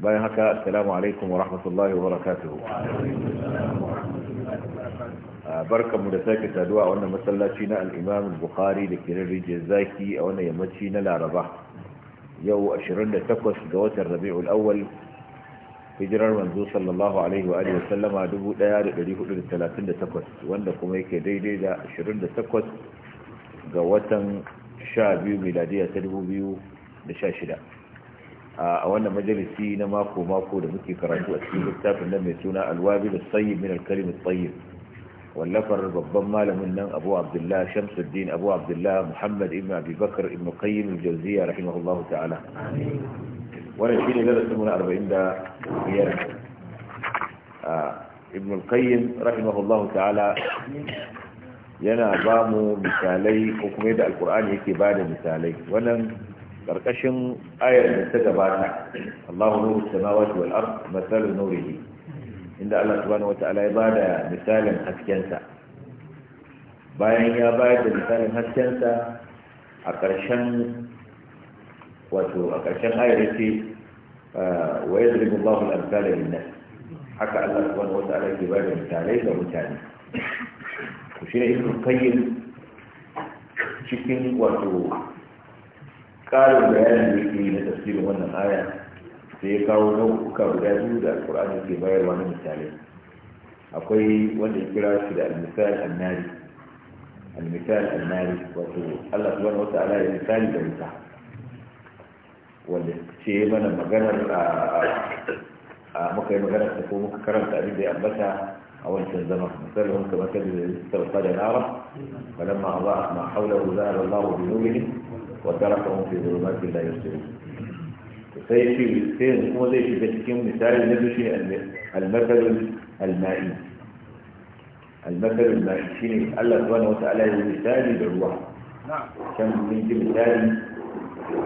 bayan haka assalamu alaikum wa rahmatullahi wa barakatuhu barkanmu da sake saduwa a wannan masallaci na al-Imam Bukhari da ke rijiyar zaki a wannan yammaci na Laraba yau 28 ga watan Rabiul Awwal hijirar manzo sallallahu alaihi wa alihi sallama 1438 wanda kuma yake daidai da 28 ga watan 12 miladiya ta 2016 a wannan majalisi na mako mako da muke karatu a cikin littafin nan mai suna alwabi da tsayyib min alkalim tsayyib wallafar babban malamin nan abu abdullah shamsuddin abu abdullah muhammad ibn abi bakar ibn qayyim al-jawziya rahimahullahu ta'ala wannan shine darasin mun 45 ibn qayyim rahimahullahu ta'ala yana ba mu misalai ko kuma yadda alkur'ani yake ba da misalai wannan Ƙarƙashin ayar da ta gabata Allahu nuru samawati wal ard mathalu nurihi inda Allah subhanahu wata'ala ya bada misalin haskensa bayan ya bayar da misalin haskensa a ƙarshen wato a ƙarshen ayar yace ah, wa yadribu Allahu al-amthala lin-nas haka Allah subhanahu wata'ala ke bada misalai ga mutane ku shine ibn qayyim cikin wato ƙarin bayanin da yake yi na tafsirin wannan aya sai ya kawo nau'uka guda biyu da alƙur'ani ke bayarwa na misalai akwai wanda ya kira shi da almisal annari almisal annari wato Allah subhanahu wata'ala ya misali da wuta wanda ce mana maganar a muka yi maganar ta ko muka karanta abin da ya ambata أول شيء زمن مثلهم كما كذب يسر قد نارا فلما أضاءت ما حوله ذهب الله بنورهم وتركهم في ظلمات لا يبصرون sai shi sai yanzu kuma zai shiga cikin misali na dushe almakalin almai almakalin almai shi ne Allah zuwa na wata alayi misali da ruwa can mun misali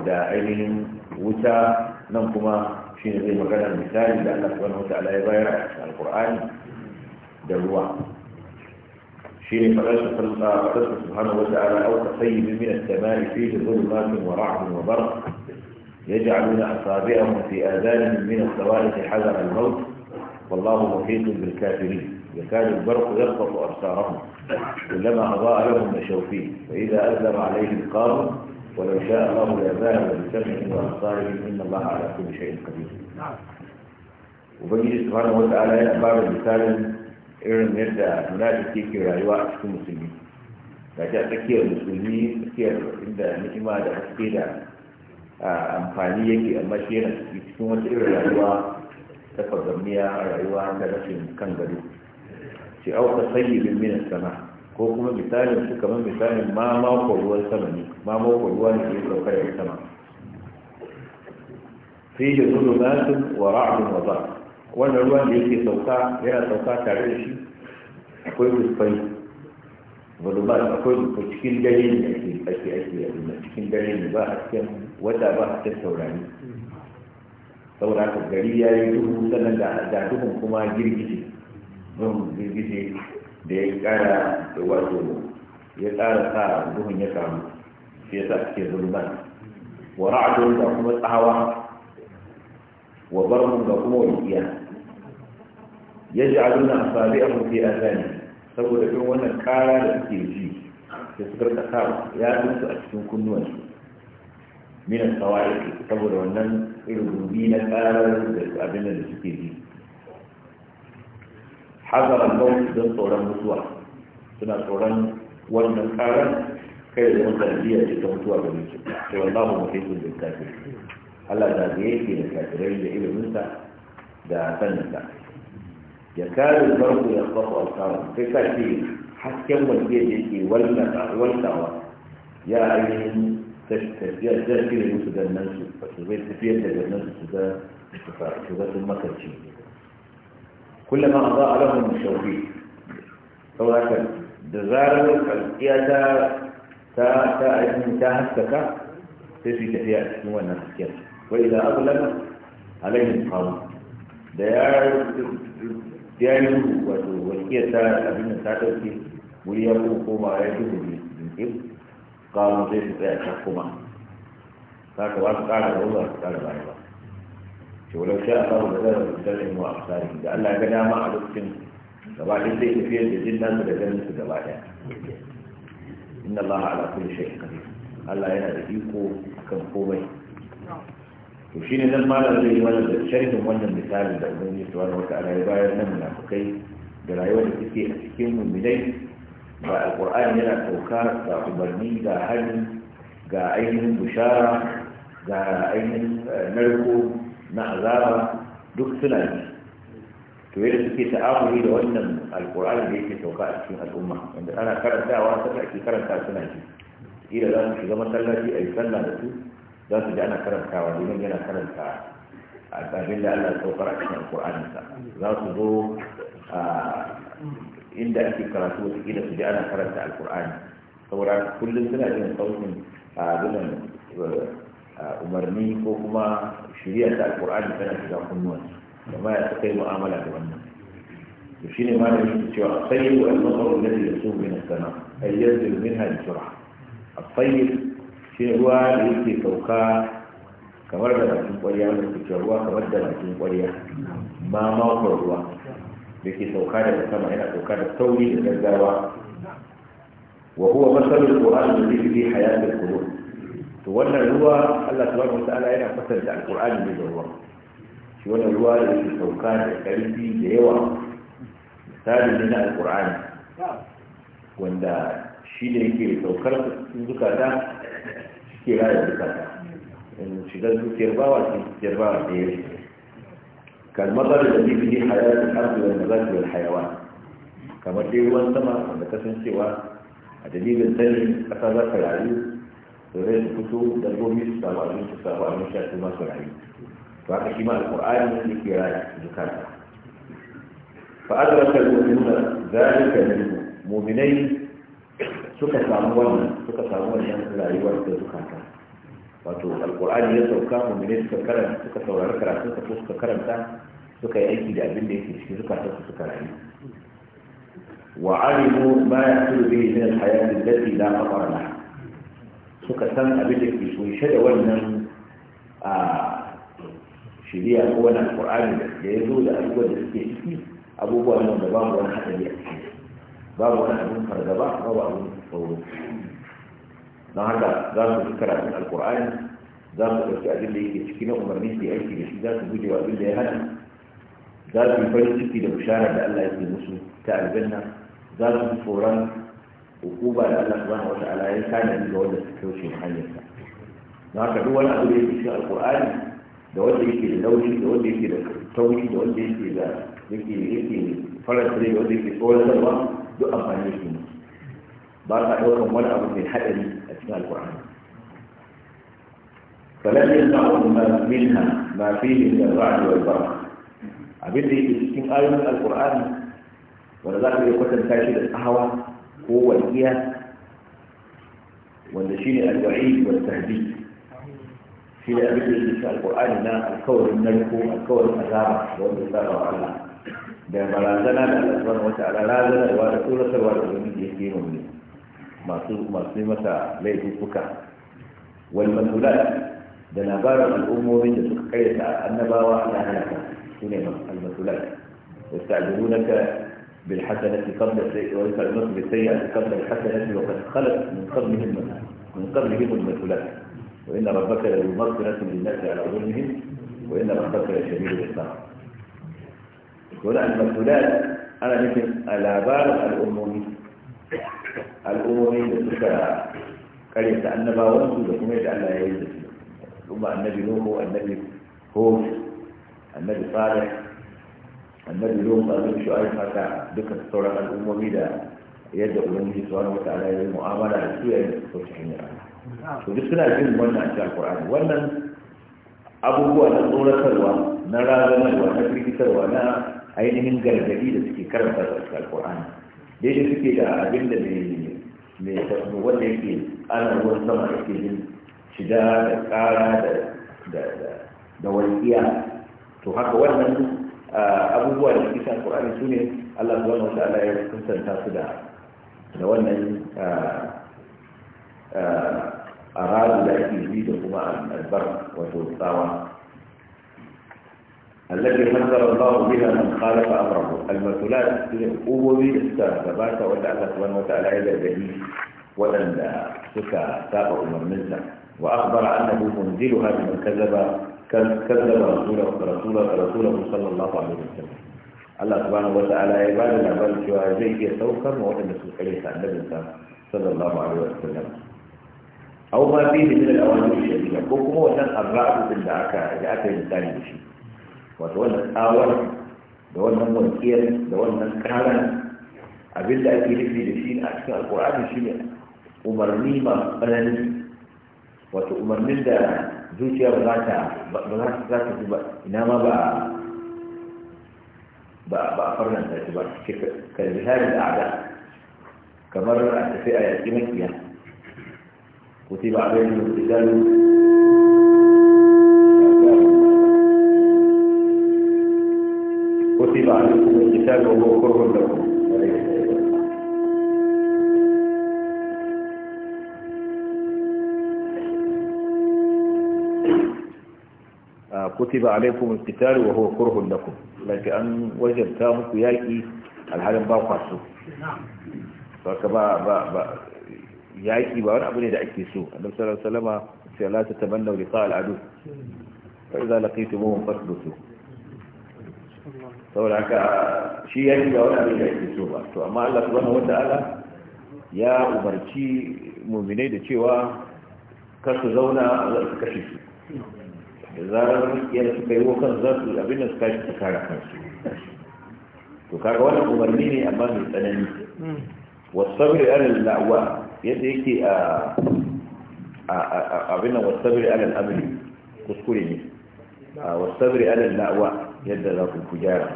da ainihin wuta nan kuma shi ne zai magana misali da Allah zuwa na wata alayi bayar a cikin alkur'ani da ruwa shi ne faɗarsa faɗarsa subhanahu wa ta'ala au ka sayi min as-sama'i يجعلون أصابعهم في آذانهم من الصوارف حذر الموت والله محيط بالكافرين يكاد البرق يخطف أبصارهم كلما أضاء لهم مشوا فيه فإذا أذلم عليهم قاموا ولو شاء الله لذهب بسمعهم وأبصارهم إن الله على كل شيء قدير وبنجي سبحانه وتعالى يأبار مثالا irin yadda munafiki ke rayuwa a cikin musulmi ga a tsakiyar musulmi tsakiyar inda ni'ima da haske da amfani yake amma shi yana cikin wata irin rayuwa ta fagamniya a rayuwa da rashin kan gado ce auka sayyibin minas sama ko kuma misalin su kamar misalin ma mako ruwan sama ne ma mako ruwa ne ke saukar da sama fiye da zulumatun wa ra'adun wa za'a wannan ruwan da yake sauka yana sauka tare da shi akwai dubbai gulubar akwai dubbai cikin dare ne ake ake ake abinda cikin dare ne ba hasken wata ba hasken saurari saboda haka gari ya yi duhu sannan da duhun kuma girgije don girgije da ya kara da wato ya kara sa duhun ya samu shi ya sa cikin zulman wa ra'adun da kuma tsawa wa barmun da kuma walƙiya yaj'aluna mafi fi athani saboda kan wannan kara da suke ji da suka rika ya dinsu a cikin kunnuwansu min as-sawa'iq saboda wannan irin na kara da abin da suke ji hazara al-maut don tsoron mutuwa suna tsoron wannan kara kai da wata biya ce ta mutuwa ga mutu to wallahu muhibbul da kafirin Allah da yake da kafirai da iliminsa da sa يكاد البرق يخطف أبصارهم فكثير حكم والجيش والنفع والدعوة يا عين تشتري مسجد الناس فشغلت فيها تجد الناس سدى اشتفاق شغلت المكتشي كلما أضاء لهم الشوفي هو هكذا دزار القيادة تا تا اسم تا هستك تسي تفيا اسمه الناس كيف وإذا أظلم عليهم قوم دار ya yi duhu wato wasiyar ta abin da ta ɗauke wuri ya koma ya yi duhu ne jinke kawo zai su tsaya ta kuma za ka ba su ƙara da ba su ƙara baya ba ce wala sha Allah da zara da zara mu a tsari da Allah ga dama a lokacin gaba ɗaya zai tafiyar da jin nasu da ganin su gaba ɗaya inna ba a kulli shay'in Allah yana da iko akan komai to shine nan malam zai yi mana da sharhin wannan misali da ubangiji subhanahu wata'ala ya bayar na da rayuwar da suke a cikin mummunai ba alqur'ani yana sauka ga umarni ga hali ga ainihin bushara ga ainihin eh, narko na azaba duk suna ji to yadda suke ta'amuli da wannan alkur'ani da yake sauka a cikin al'umma wanda ana karantawa sanda ake karanta suna ji ila za su shiga masallaci a yi sallah da su za su ji ana karantawa domin yana karanta a abin da Allah saukar a cikin alƙur'aninsa za su zo inda ake karatu wata kila su ji ana karanta alƙur'ani saboda kullum suna jin sautin abinan umarni ko kuma shirya ta alƙur'ani tana shiga kunnuwansu amma ya suka yi mu'amala da wannan to shine ma da shi cewa sayyidu al-masaru alladhi yasum min as sana ay yanzilu minha bi sur'ah as-sayyid sai ruwa da yake sauka kamar da bakin kwarya da suke ruwa kamar da bakin kwarya ma makon ruwa da ke sauka daga sama yana sauka da sauri da gaggawa wa kuwa masalul qur'an da zai fi hayatar kuro to wannan ruwa Allah subhanahu wa ta'ala yana fasar da ne da ruwa shi wannan ruwa da yake sauka da karfi da yawa misali ne na alqur'ani wanda shi ne yake saukar zukata ke raya bukata eh, shigar zuciyar bawa ce zuciyar bawa da ya ce kalmatar da zai fi hayatun arzuwar da za su yi hayawa kamar dai ruwan sama da kasancewa a dalilin sani kasa za ta rayu tsirrai da fito dabbobi su samu abin su samu abin sha su masu rayu to haka shi ma alƙur'ani ne ke raya zukata fa'adar kalmomin da zalika ne muminai suka samu wannan suka samu wannan rayuwar da ta wato alkur'ani ya sauka ne suka karanta suka saurari karatun ko suka karanta suka yi aiki da abin da yake cikin zukatan su suka rayu wa alimu ma yasulu bihi min alhayati allati la qara laha suka san abin da ke kunshe da wannan a shiriya ko wani alkur'ani da ya zo da abubuwan da suke ciki abubuwa ne da babu wani hadari a ciki babu wani abin fargaba babu abin tsoro don haka za su fi karatun alkur'ani za su ɗauki abin da yake ciki na umarni su aiki da shi za su gujewa abin da ya hana za su yi farin ciki da bishara da Allah ya ke musu ta aljanna za su fi tsoron hukuma da Allah subhanahu wa ta'ala ya tanadi ga wanda suka kauce hanyarsa don haka duk wani abu da yake cikin alkur'ani da wanda yake da laushi da wanda yake da tauri da wanda yake da yake yake faranta da wanda yake tsoratarwa duk amfani yake musu بارك الله فيكم ولا أبد من حدري أثناء القرآن فلن ينفعهم منها ما فيه من الرعد والبرق أبدي إن آية من القرآن ولذلك يقول تنتاشي القهوة هو الإيه والنشين الوعيد والتهديد في أبدا في القرآن لا الكون نلقو الكون أزار وأن الله وعلا بما لا زنا لا أسوان وتعالى لا زنا ورسول الله ورسول الله يهدينه منه masu masu masa laifuka wal masulat da labarin al'ummomin da suka karyata annabawa ana halaka su ne al-masulat yasta'jilunaka bil hasanati qabla sayyi'ati wa yasta'jilunaka bis sayyi'ati qabla al hasanati wa qad khalat min qablihim min qablihim al masulat wa inna rabbaka la yumaghfiratun lin nasi ala dhulmihim wa inna rabbaka la shadidul iqab ko da al masulat ana nufin labarin al'ummomi al'ummomin da suka kare ta annabawan su da kuma yadda Allah ya yi da su kuma annabi Nuhu annabi Hud annabi Salih annabi Nuhu annabi Shu'aib haka duka sauran al'ummomi da yadda ubangiji wani wataala ya yi mu'amala da su yayin da suka wuce hanyar Allah to duk suna jin wannan a cikin alqur'ani wannan abubuwa na tsoratarwa na razanarwa na firgitarwa na ainihin gargadi da suke karanta a cikin alqur'ani daidai suke da abin da mai mai tafi wanda yake ana ruwan sama yake jin shiga da ƙara da walƙiya to haka wannan abubuwa da suke san Qur'ani su ne Allah subhanahu wa ta'ala ya kusanta su da da wannan arabu da ake yi da kuma albar wato tsawa التي نزل الله بها من خالف امره المثلات الامم السابقه ولا الله سبحانه وتعالى الى به ولن سكا ساق نزل واخبر انه منزلها من كذب كذب رسوله رسوله رسوله صلى الله عليه وسلم الله سبحانه وتعالى يبان الأبان شوى زي يتوكم وأن عن النبي صلى الله عليه وسلم أو ما فيه من الأوامر الشديدة كوكو هو أن الرعب جاءت الإنسان بشيء wato wannan tsawon da wannan wankiyar da wannan karan abin da ake nufi da shi a cikin alkur'ani shi ne umarni masu tsanani wato umarnin da zuciya ba za ta ba za ta ba ina ma ba ba ba farnan ta ba ka misali da ada kamar a tafi a yaƙi makiya a alaihi da sallam كتب عليكم القتال وهو كره لكم آه، كتب عليكم القتال وهو كره لكم لكن وجد تامك يأتي الحلم باقع سوء نعم. فكما يأتي بأن أبني دعكي سوء النبي صلى الله عليه وسلم لا تتمنوا لقاء العدو فإذا لقيتموهم فاتبثوا saboda haka shi ya shiga wani abin da ya so ba to amma Allah subhanahu ta'ala ya umarci muminai da cewa kar su zauna a za su kashe su da zarar su kai yi kan za su abin da su kashe su kare kansu to kaga wannan umarni ne amma mai tsanani wasabri al da'wa yadda yake a abin nan wasabri al amri kuskure ne wasabri al da'wa yadda za ku ku gyara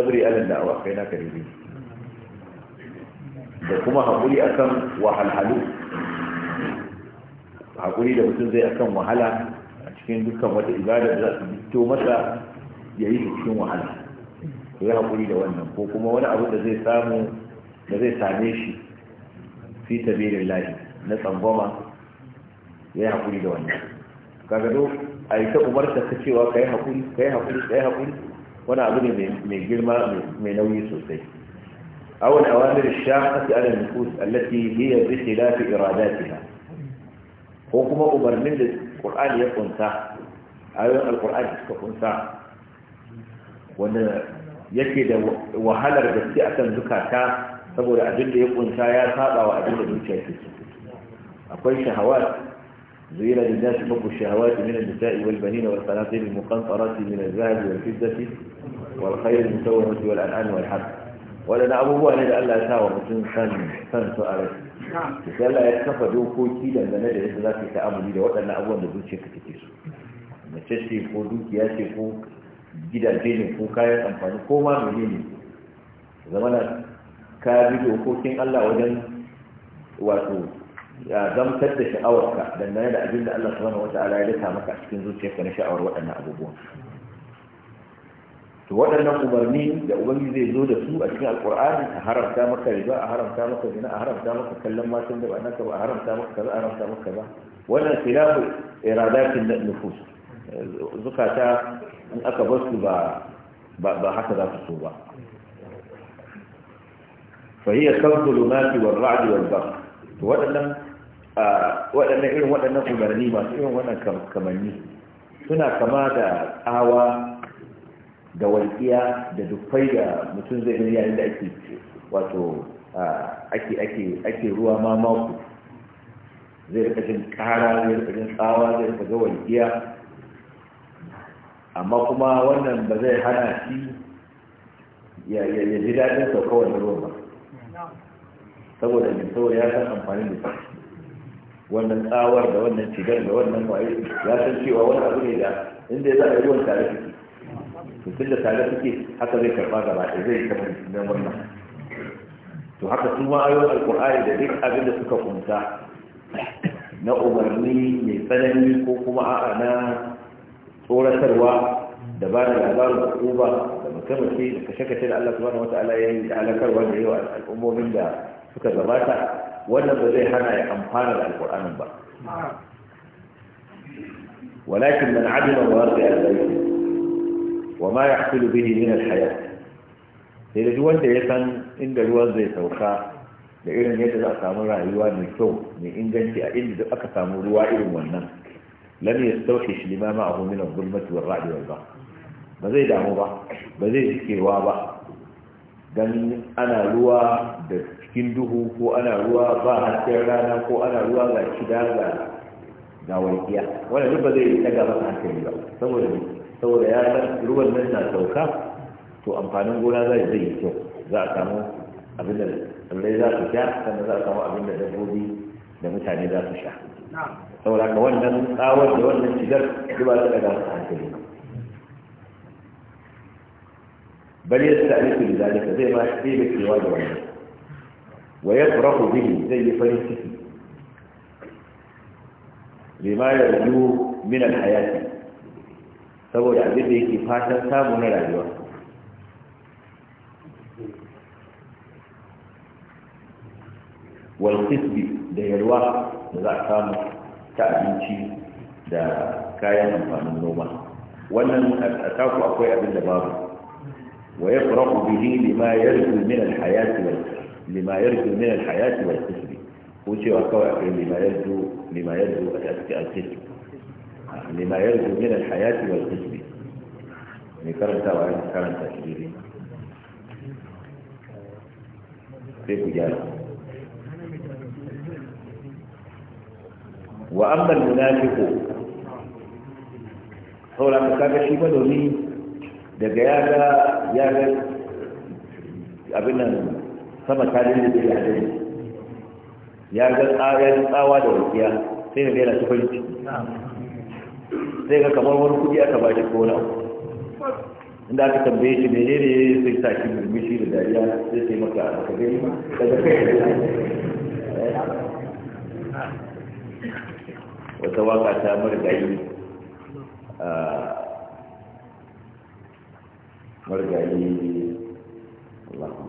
alin da awa kai naka ne da kuma haƙuri akan wahalhalu haƙuri da mutum zai kan wahala a cikin dukkan wata ibada da za su fito masa ya yi cikin wahala ku yi haƙuri da wannan ko kuma wani abu da zai samu da zai same shi fi tabirin lafiya, na tsangwama ya yi haƙuri da wannan kaga a yi ta umarta ta cewa ka yi haƙuri ka yi haƙuri ka yi haƙuri wani abu ne mai girma mai nauyi sosai awon awamir shaqati ala nufus allati da bi khilafi iradatiha ko kuma umarnin da qur'ani ya kunsa, ayoyin alqur'ani suka kunta wanda yake da wahalar gaske a kan zukata saboda abin da ya kunsa ya saba wa abin da zuciya take akwai shahawat زين للناس حب الشهوات من النساء والبنين والقناطير المقنطرة من الذهب والفضة والخير المسومة والأنعام والحب ولنا أبوه أن الله يساوى مسلم سن سن سؤالك sai Allah ya kafa dokoki dangane da yadda za ka yi ta'amuli da waɗannan abubuwan da zuciya ka take su mace ce ko dukiya ce ko gidaje ne ko kayan amfani ko ma mene ka bi dokokin Allah wajen wato ya zamtar da sha'awarka dangane da abin da Allah subhanahu wata'ala ya rika maka a cikin zuciyarka na sha'awar waɗannan abubuwa to waɗannan umarni da ubangiji zai zo da su a cikin alƙur'ani a haramta maka riba a haramta maka zina a haramta maka kallon matan da ba naka ba a haramta maka kaza a haramta maka kaza wannan khilafu iradatin da nufus zukata in aka bar su ba ba haka za su so ba fa hiya kawdul mati wal ra'd wal bakr to waɗannan waɗannan irin waɗannan umarni masu irin wannan kamanni suna kama da tsawa da walƙiya da dukkai da mutum zai yi yayin da ake wato ake ake ake ruwa ma mako zai rika jin ƙara zai rika jin tsawa zai rika ga walƙiya amma kuma wannan ba zai hana shi ya ji daɗin sauka wannan ruwan ba saboda ne saboda ya san amfani da shi wannan tsawar da wannan cigar da wannan waye ya san cewa wani abu ne da inda za a yi ruwan tare suke to tun da tare suke haka zai karɓa gaba ɗaya zai kama nan wannan to haka su ma ayoyin alkur'ani da duk abin da suka kunta na umarni mai tsanani ko kuma a'a na tsoratarwa da ba da labarin hukuma da makamashi da kashe-kashe da Allah subhanahu wata'ala ya yi alakarwa da yawa al'ummomin da suka gabata wannan ba zai hana ya amfana da alƙur'anin ba walakin man adima warqi ya bayt wa ma yahsulu bihi min al sai da wanda ya san inda ruwan zai sauka da irin yadda za a samu rayuwa mai kyau mai inganci a inda aka samu ruwa irin wannan lam yastawhish lima ma'ahu min al-zulmati wal-ra'd wal ba zai damu ba ba zai jikewa ba dan ana ruwa da cikin duhu ko ana ruwa ba hasken rana ko ana ruwa ga shida ga ga walƙiya wanda duk ba zai daga masa hankali ba saboda saboda ya san ruwan nan na sauka to amfanin gona zai zai yi kyau za a samu abin da tsirrai za su sha sannan za a samu abin da dabbobi da mutane za su sha saboda haka wannan tsawon da wannan shigar duk ba su daga masa hankali ba bal yasta'liku lidhalika zai ma sai da kewa da wannan wa yafrahu bihi zai yi farin ciki lima yarju min alhayati saboda abin da yake fatan samu na rayuwa wal qisbi da yalwa da za a samu ta abinci da kayan amfanin noma wannan a taku akwai abin da babu wa yafrahu bihi lima yarju min alhayati wal لما يرجو من الحياة والكسر وشي وقوع لما يرجو لما يرجو الكسر لما يرجو من الحياة والكسر نكرم توا نكرم تشريري كيف بجانب وأما المنافق هو لما كان شيء بدوني دجاجة يالك أبنا sama ta yi da hadari ya ga ya tsawa da wakiya sai ga yana tufan ciki sai ga kamar wani kudi aka ba shi ko na inda aka tambaye shi ne ne sai sa shi murmushi da dariya sai sai maka a maka gani daga kai wata waka ta margayi margayi Allah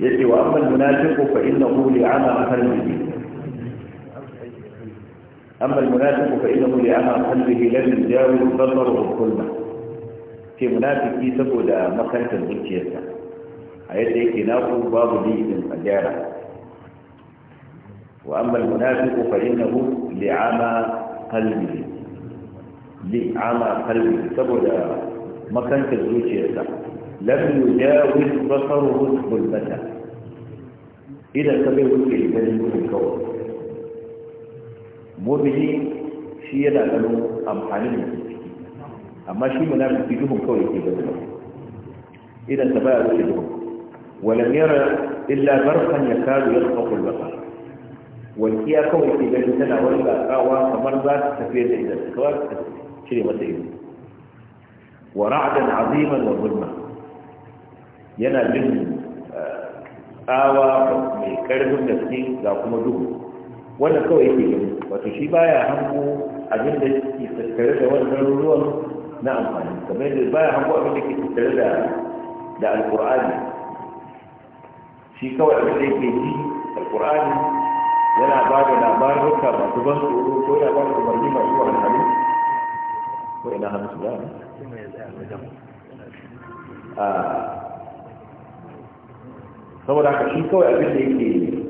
يجي وأما المنافق فإنه لعمى قلبه أما المنافق فإنه لعمى قلبه لم يجاوز بصره الكلمة في منافق يسبب مكانة الزكية a yadda yake باب babu liyin a وأما المنافق فإنه لعمى قلبه لعمى قلبه تبعد ما كانت الزوجيه لم يجاوز بصره ظلمته إذا سبب في الجنة الكون مبني شيء لا تنو أم حالين أما شيء منافق في جهن كون في جهن إذا سبب في جهن ولم يرى إلا برقا يكاد يخفق البصر walƙiya kawai ke gani tana wani ƙawa kamar za ta tafiye da idan kawai ta cire mata ido wa ra'adan aziman wa zulma yana jin eh, tsawa mai karfin gaske ga kuma duhu wannan kawai ke gani wato shi baya hango abin da ke tattare da wannan ruwan na amfani kamar yadda baya hango abin da ke tattare da da alƙur'ani shi kawai abin da yake ji alƙur'ani yana ba da labarin ka masu ban tsoro ko ya ba da umarni masu wahalhalu ko ina hannu su ba a saboda haka shi kawai abin da yake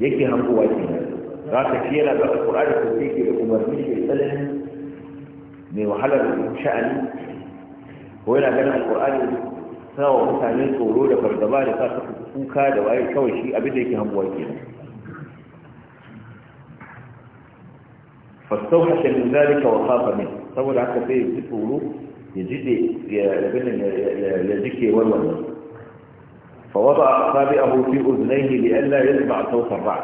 yake hankowa ke za ka shi yana kura da ko yake da umarni ke tsanani mai wahalar sha'ani ko yana ganin ƙur'ani sawa mutane tsoro da fargaba da sa suka kuka da waye kawai shi abin da yake hankowa kenan فاستوحش من ذلك وخاف منه طول عكا فيه بتقوله يجد يجيك يولد فوضع أصابعه في أذنيه لئلا يسمع صوت الرعد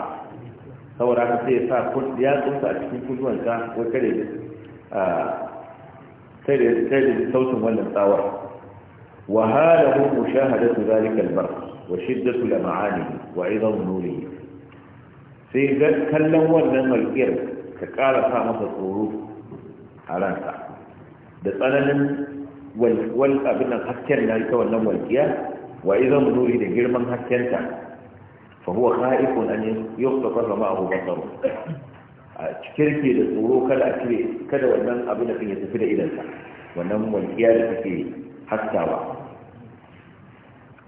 طول عكا فيه فكل يا كنت أكتب كل وانت وكذلك تجد صوت ولن طاور وهاله مشاهدة ذلك البرق وشدة لمعانه وعظم نوره في سيجد كلم ولن الإرث ka ƙara sa masa tsoro a ransa da tsananin wal abin nan hasken na ita wannan walƙiya wa idan nuri da girman haskenta fa huwa khaifun an yuqtafa ma'ahu basaru a kirke da tsoro kada a cire kada wannan abin da kan ya tafi da idansa wannan walƙiya da take haskawa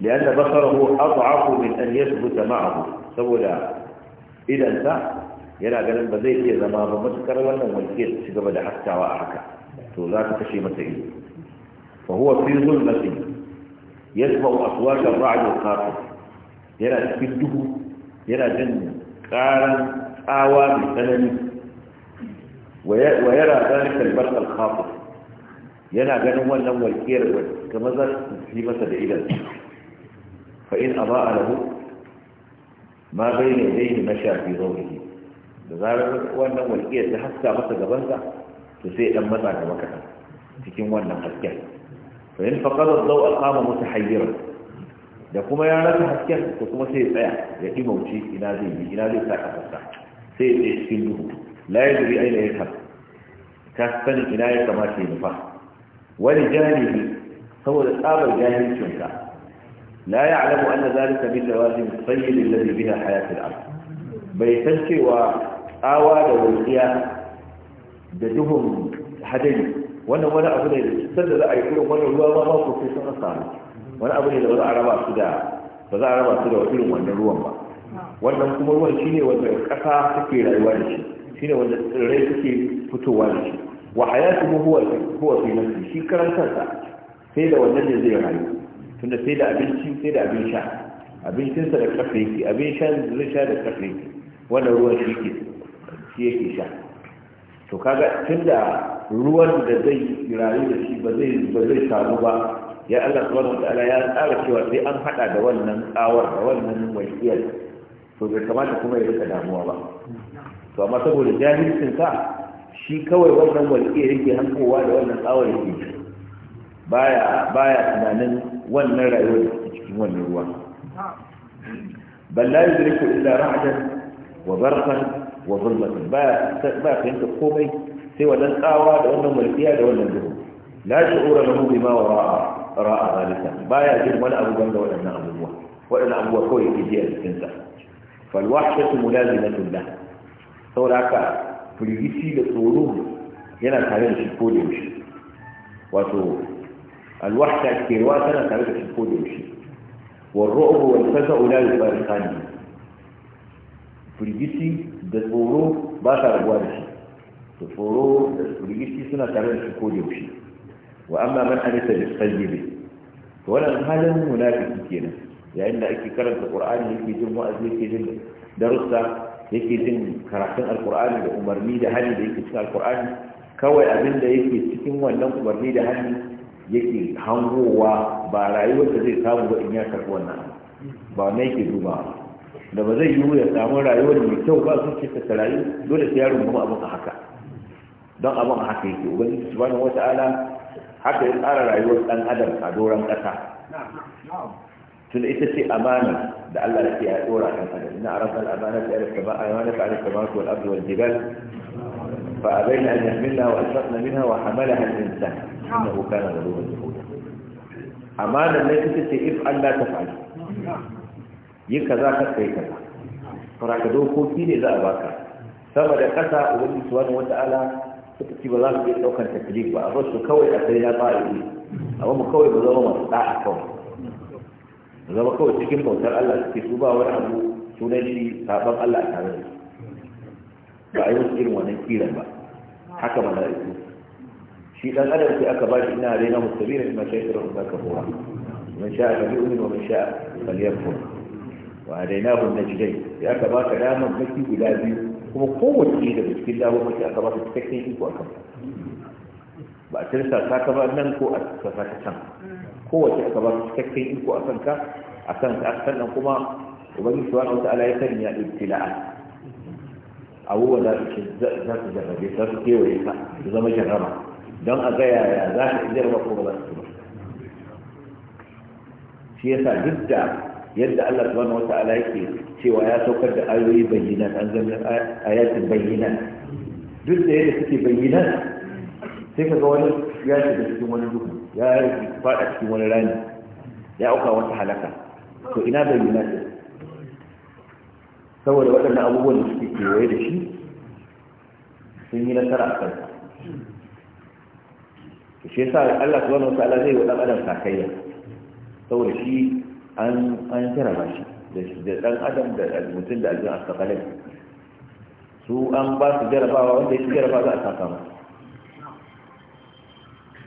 لأن بصره أضعف من أن يثبت معه سولا إذا yana ganin ba zai iya zama ba matukar wannan wanke su ci gaba da haskawa a haka to za ka kashe mata ido fa huwa fi zulmatin yasma'u aswat ar-ra'd al-qatil yana fi duhu yana jin karan tsawa mai tsanani wa yara zalika al-barq al-khatif yana ganin wannan walƙiyar kamar za su yi masa da idan fa in aba'a lahu ma bayna yadayhi masha fi rawhihi da zarar wannan walƙiyar ta haska masa gabansa to sai ɗan matsa gaba kaɗan cikin wannan hasken to in faƙar zau alƙama musu hayyar da kuma ya rasa hasken to kuma sai tsaya ya ƙi mauci ina zai bi ina zai sa ƙasarsa sai ya cikin duhu la ya zuri aina ya kan ka sani ina ya kamata ya nufa wani jahili saboda tsabar jahilcinka la ya alamu an da zalika min lawazin sayyidin ladhi biha hayatul ard bai san cewa tsawa da wurciya da duhun hadari wannan wani abu ne da sanda za a yi irin wannan ruwa ba ma mako sai sun samu wani abu ne da ba za a raba su da ba za a raba su da irin wannan ruwan ba wannan kuma ruwan shine wanda kasa take rayuwa da shi shine wanda tsirrai suke fitowa da shi wa hayatuhu huwa huwa fi nafsi shi karan kansa sai da wannan ne zai rayu tunda sai da abinci sai da abin sha abincinsa da kafa yake abin sha zai sha da kafa yake wannan ruwan shi ke shi yake sha to kaga tunda ruwan da zai rayu da shi ba zai ba zai samu ba ya Allah subhanahu wataala ya tsara cewa sai an hada da wannan tsawar da wannan wasiyar to bai kamata kuma ya rika damuwa ba to amma saboda jahilcin ka shi kawai wannan wasiyar yake hankowa da wannan tsawar yake baya baya tunanin wannan rayuwar cikin wannan ruwa bal la yudriku illa ra'dan wa barqan wa zulmatin ba ba fahimta komai sai wannan tsawa da wannan mulkiya da wannan duhu la shu'ura lahu bima wara'a ra'a zalika baya jin wani abu ban da waɗannan abubuwa waɗannan abubuwa kawai yake ji a cikin sa fal wahshatu mulazimatun lah saboda haka firgici da tsoro yana tare da shi ko da yaushe wato alwahsha kewa tana tare da shi ko da yaushe والرعب والفزع لا يفارقانه firgici da tsoro ba ta rabuwa da shi to tsoro da firgici suna tare da su ko da yaushe wa amma man anisa bi to wannan halin munafiki kenan yayin da ake karanta qur'ani yake jin wa'azi yake jin darussa yake jin karatun alqur'ani da umarni da hali da yake cikin alqur'ani kawai abin da yake cikin wannan umarni da hali yake hangowa ba rayuwar da zai samu ba in ya karɓi wannan ba na yake dubawa da ba zai yiwu ya samu rayuwar mai kyau ba sun ce ta rayu dole sai yaron kuma abin a haka don abin a haka yake su subhanahu wata'ala haka ya tsara rayuwar dan adam a doron kasa tun ita ce amana da Allah ya ce ya dora kan adam inna arafal amana ta arfa ba amana ta arfa ma wal ardu wal jibal fa abaina an yahmilna wa ashfaqna minha wa hamalaha al insan innahu kana zaluman jahula amana ne ita ce if Allah ta faɗi. yi kaza ka kai kaza fara ka dokoki ne za a baka sama da kasa ubangiji subhanahu wata'ala suka ci ba za su iya ɗaukar taklif ba a basu kawai a sai na ba'i amma mu kawai ba zama masu a kawai mu zama kawai cikin bautar Allah suke su ba wani abu sunan shi sabon Allah a tare da su ba a yi musu irin wannan kiran ba haka mala'iku shi dan adam sai aka bashi ina raina musabira ma shaytar da ka bora man sha'a falyu'min wa man sha'a wa dainahu najdain ya ka baka damar maki guda biyu kuma kowace daga cikin damar maki aka baka cikakken iko akan ba a tirsa ta ka ba nan ko a tirsa ta can kowace aka baka cikakken iko akan ka akan ka nan kuma ubangiji subhanahu wa ta'ala ya sanya ibtila'a abubuwan za su jarrabe za su kewaye ka su zama jarraba don a gaya za ka jarraba ko ba za su ba shi yasa duk da yadda Allah subhanahu wata'ala yake cewa ya saukar da ayoyi bayyinan an zama ayatin bayyinan duk da yadda suke bayyinan sai ka ga wani ya shiga cikin wani duhu ya fada cikin wani rani ya auka wata halaka to ina bayyana din saboda waɗannan abubuwan da suke kewaye da shi sun yi nasara a kansa shi yasa Allah subhanahu wata'ala zai wa ɗan adam sakayya saboda shi an jaraba shi da dan adam da mutum da aljihun askakalai su an ba su jarabawa wanda ya fi jaraba za a saka masu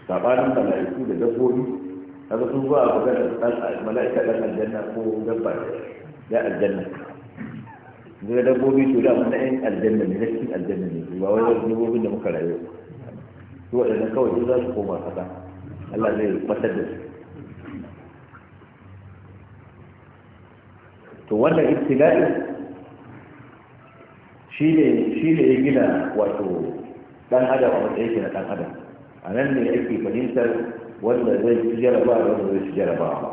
sabanin mala'iku da dabbobi kaga sun zuwa maganar dan mala'ika dan aljanna ko dabba da aljanna daga dabbobi to da mun yin aljanna ne rashin aljanna ne ba wai wasu dabbobin da muka rayu su waɗannan kawai za su koma kasa Allah zai fatar da su to wannan ibtila'i shi ne shi ne ya gina wato dan adam a matsayin shi na dan adam a nan ne ake fahimtar wanda zai ci jaraba da wanda zai ci jaraba ba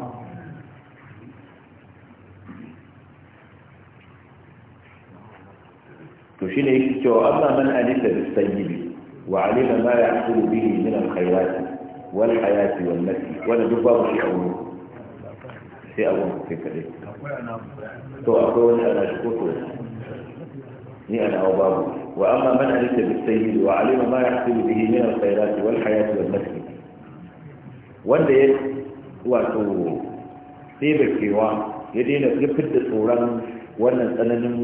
to shi ne yake cewa amma man alita da sayyibi wa alima ma ya ya'kulu bihi min al-khayrat wal hayati wan nafsi wala duk babu shi a wurin sai abun kai kaɗai to akwai wani ana shi ko to ni ana wa babu wa amma man alita bi sayyid wa alima ma yahsibu bihi min al khairat wal hayat wal masjid wanda ya wato sai da kewa ya daina ya fitta tsoron wannan tsananin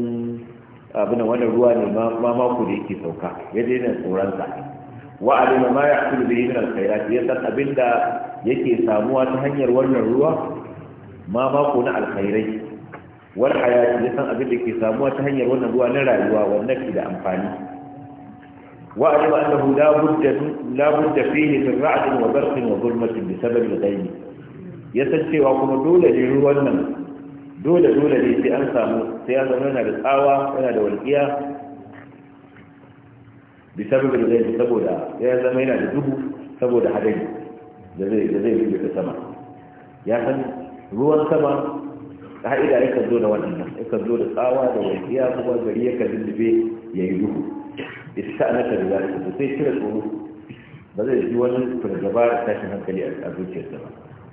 abin wannan ruwa ne ma mako da yake sauka ya daina tsoron sa wa alima ma yahsibu bihi min al khairat ya san abinda yake samuwa ta hanyar wannan ruwa ma mako na alkhairai wal hayati ya san abin da ke samuwa ta hanyar wannan ruwa na rayuwa wannan ke da amfani wa alim annahu la budda la budda fihi min ra'd wa barq wa zulmat bi sabab al ya san cewa kuma dole ne ruwan nan dole dole ne sai an samu sai ya zama yana da tsawa yana da walƙiya bi sabab al saboda ya zama yana da duhu saboda hadari da zai da zai rubuta sama ya san ruwan sama ka'ida yakan zo da waɗannan yakan zo da tsawa da wajiya kuma gari yakan lullube ya yi duhu isa na ka riga da sai cire tsoro ba zai ji wani fargaba da tashin hankali a zuciyarsa ba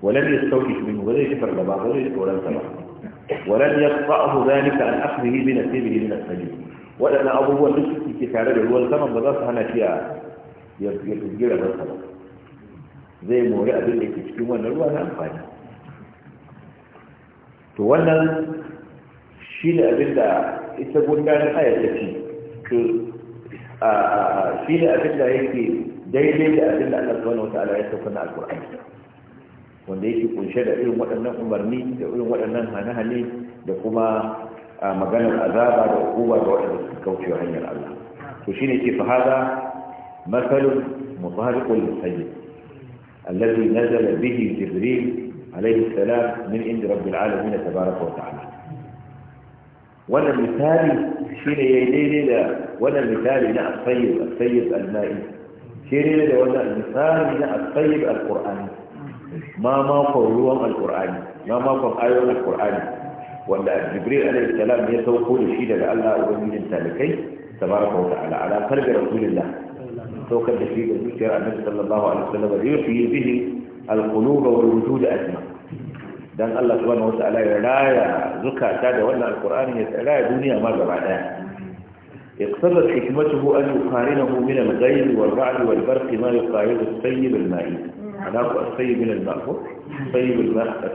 walan ya sauki shi ba zai ji fargaba ba zai ji tsoronsa ba walan ya fa'ahu zalika an akhrihi bi nasibihi min as-sabil waɗannan abubuwan duk su ke tare da ruwan sama ba za su hana shi ya ya tsugira ba zai mori abin da ke cikin wannan ruwa na amfani to wannan shi ne abin da ita gudanar ayar ta ce shi ne abin da yake daidai da abin da Allah wata wataala ya sauka na alkur'ani wanda yake kunshe da irin waɗannan umarni da irin waɗannan hane-hane da kuma maganar azaba da hukuma da waɗanda suka kauce hanyar Allah to shine ce fa hada masalun mutahariqul musayyib alladhi nazala bihi jibril عليه السلام من عند رب العالمين تبارك وتعالى ولا مثالي شين يدي لا ولا مثالي لا الطيب الطيب المائي شين لا ولا مثالي لا الطيب القرآن ما ما قولوا القرآن ما ما قول آية القرآن ولا جبريل عليه السلام يتوقل شين لألا أبنين تالكي تبارك وتعالى على قلب رسول الله توكل شيء المشير النبي صلى الله عليه وسلم ويوحي به alkuluba wa rudu da ajima don allah su wani wata alayar raya zukata da wannan Alƙur'ani ya tsara duniya ma gaba daya ya kusurra su kuma ci hu an yi kwari na mumi na magayin wa ra'adu wa albarki ma ya kwari da sayi bil ma'i ana ku a sayi bil ma'ko sayi bil ma'ko a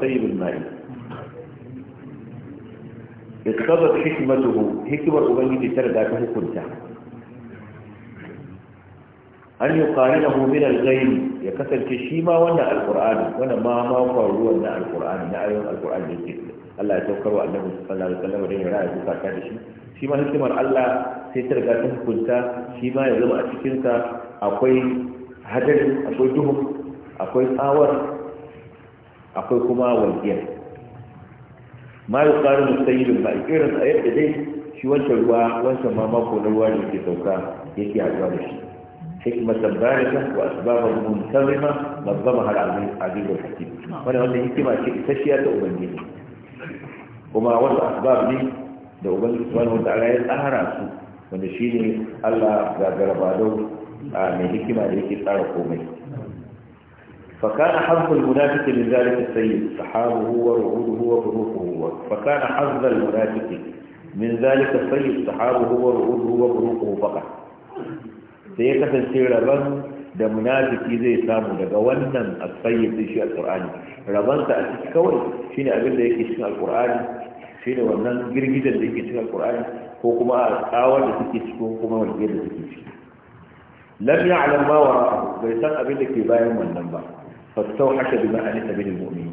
sayi bil ma'i ya kusurra su hikimar ubangiji tare da ta hukunta an yi ƙari na hominar zaini ya kasance shi ma wannan alƙur'ani wannan ma ma faruwar na alƙur'ani na ayon alƙur'ani da ke Allah ya saukar wa annabi sallallahu alaihi wasallam da ya raya kuka ta da shi shi ma hikimar Allah sai ta riga ta hukunta shi ma ya zama a cikin sa akwai hadari akwai duhu akwai tsawar akwai kuma walƙiya ma yi ƙari musayyidin ba irin a yadda dai shi wancan ruwa wancan ma mako na ruwa ne ke sauka yake haɗuwa da shi حكمة بالغة وأسبابا منتظمة نظمها العزيز الحكيم وأنا أقول الحكمة شيء تشيئة أبنجيني وما وضع أسباب لي لو أبنجي سبحانه وتعالى يتأهرى سوء wanda shi ne Allah ga garbado a mai hikima فكان حظ المنافق من ذلك السيد صحابه ورعوده وبروقه فكان حظ المنافق من ذلك السيد صحابه ورعوده وبروقه فقط sai ya kasance rabon da munafiki zai samu daga wannan asayyid shi alqur'ani rabon sa a cikin kawai shine abin da yake cikin Alƙur'ani, shine wannan girgidan da yake cikin Alƙur'ani, ko kuma a tsawar da suke cikin kuma walge da suke ciki lam ya'lam ma wa bai san abin da ke bayan wannan ba haka bi ma'ani ta bil mu'min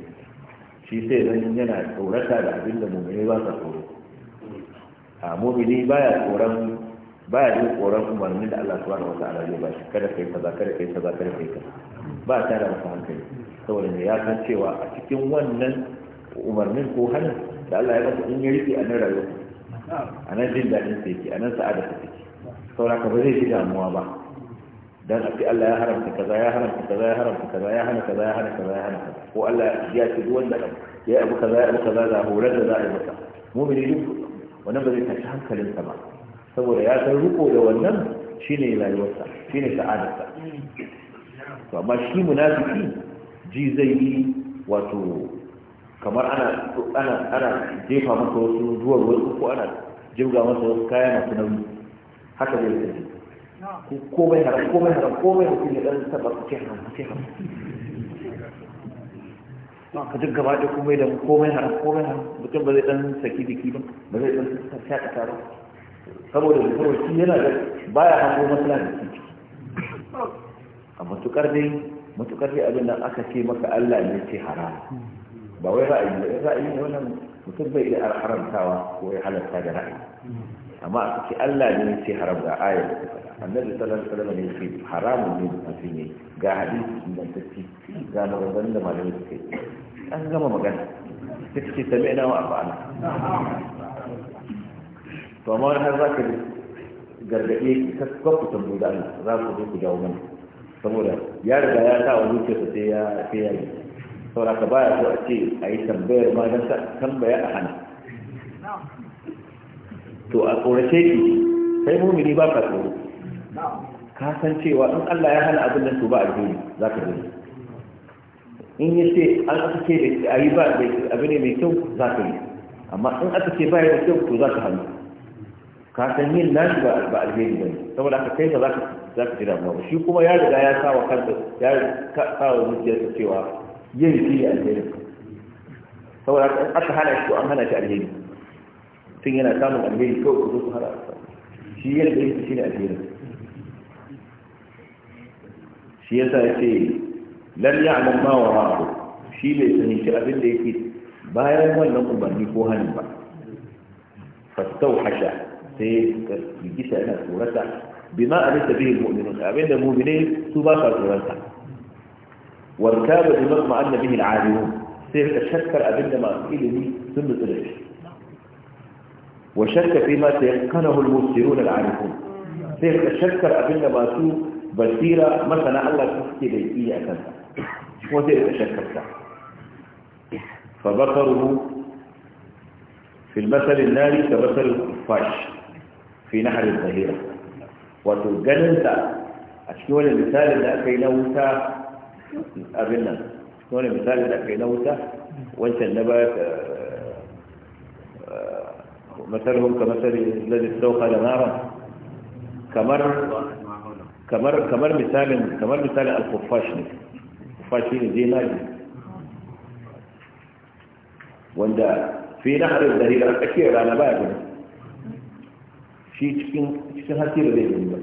shi sai zan yana tsorata da abin da mu'mini ba sa tsoro a mu'mini baya tsoron ba ya yi tsoron umarni da Allah subhanahu wa ta'ala zai ba shi kada kai kaza kada kai kaza kada kai kaza ba ta da masa hankali saboda ne ya san cewa a cikin wannan umarnin ko hannun da Allah ya masa in ya rike a nan rayuwa a nan jin daɗin sa yake a nan sa'ada sa take saboda ka ba zai ji damuwa ba dan a ce Allah ya haramta kaza ya haramta kaza ya haramta kaza ya hana kaza ya hana kaza ya hana kaza ko Allah ya ce duk wanda ya abu kaza ya abu kaza da horar da za a yi masa mu'mini duk wannan ba zai tashi hankalinsa ba saboda ya san riko da wannan shine rayuwarsa shine sa'adarsa to amma shi munafiki ji zai yi wato kamar ana ana ana jefa masa wasu duwar wasu ko ana jirga masa wasu kaya masu nauyi haka zai yi ko komai haram komai haram komai mutum ya dan taba ce haram kuke haram ba ka duk gaba da komai da komai haram komai haram mutum ba zai ɗan saki jiki ba ba zai ɗan sa ta ba saboda da shi yana da baya hango matsala da shi a matukar dai matukar ne abin aka ce maka Allah ne ce haram ba wai ra'ayi ba eh, ra'ayi ne wannan mutum bai iya haramtawa ko ya halatta da ra'ayi amma aka ce Allah ne ce haram ga ayar da ta da annabi sallallahu alaihi wasallam ne ce haramun ne mutum yayi ga hadisi ingantacce ga maganar da malamai suka yi an gama magana sai ce sami'na wa afa'ana to amma wani har za ka gargaɗe ka kwafi tambu da Allah za ku zo ku jawo mana saboda ya riga ya sa wa zuciyarsa sai ya sai ya yi saboda ka baya so a ce a yi tambayar ma don tambaya a hana to a tsorace ki sai mumini ba ka tsoro ka san cewa in Allah ya hana abin nan to ba a jini za ka jini in ya ce an aka ce da a yi ba abin ne mai kyau za ka yi amma in aka ce ba ya da kyau to za ka hannu ka san yin nashi ba alheri ba saboda haka kai ba za ka za ka ji ba shi kuma ya riga ya sa wa kanta ya sa wa zuciyarsa cewa yin shi ne alheri saboda haka aka hana shi ko an hana shi alheri tun yana samun alheri kawai ku zo ku hana shi yin da shi ne alheri shi yasa ya ce lam ya'lam ma wara'ahu shi bai shi abin da yake bayan wannan umarni ko hanin ba fastauhasha بما أنت به المؤمنون أبين المؤمنين سباقا كورتا وركاب بمقمع أن به العالمون سير تشكر أبين ما أقلني ثم تلك وشك فيما تيقنه المسيرون العالمون سير تشكر أبين ما سوء بسيرة مثلا الله تفتي بيئي أكثر وزير تشكر ذا فبطره في المثل النار كبطل الفاش في نهر الظهيرة وتجلس أشكون المثال ده كي نوسى أبنى أشكون المثال ده كي نوسى وانت النبات آه، آه، مثلهم كمثل الذي استوخى لنارا كمر كمر كمر مثال كمر مثال الخفاش الخفاش زي ناجي وانت في نهر الظهيرة اكيد انا بعض shi cikin cikin haske ba zai gani ba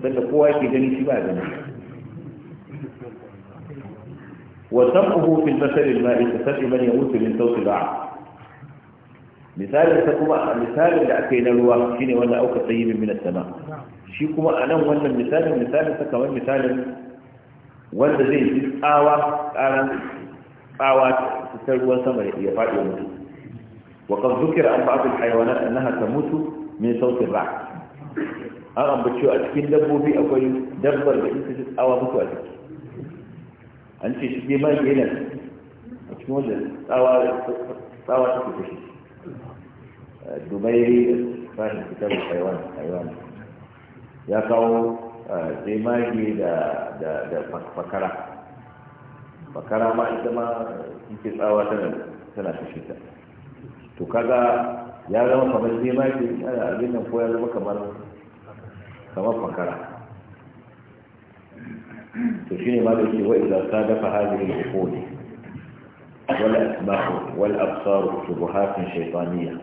dan da kowa yake gani shi ba ya gani wa sam'uhu fil basar al ma'i ka sab'i man yamutu min sawt al ba'a misalin ta kuma a misalin da aka yi na ruwa shine wanda auka sayyibin min as-sama shi kuma a nan wannan misalin misalin ta kamar misalin wanda zai ji tsawa karan tsawa ta ruwan sama ya faɗi wa mutum وقد ذكر أن بعض الحيوانات أنها تموت min sautin rak an ambaci a cikin dabbobi akwai dabbar da ita ta tsawa mutu a ciki an ce shi ma yana a cikin wanda tsawa tsawa ta ke shi eh, dubairi da fashin fitar da taiwan taiwan ya kawo jemage eh, da fakara fakara ma ita ma eh, ita tsawa tana kashe ta to kaga ya zama kamar zai ma ke ana abin nan ko ya zama kamar kamar fakara to ne ma da ke wa ta dafa hadhihi da kone wal asbah wal absar shubuhat shaytaniyah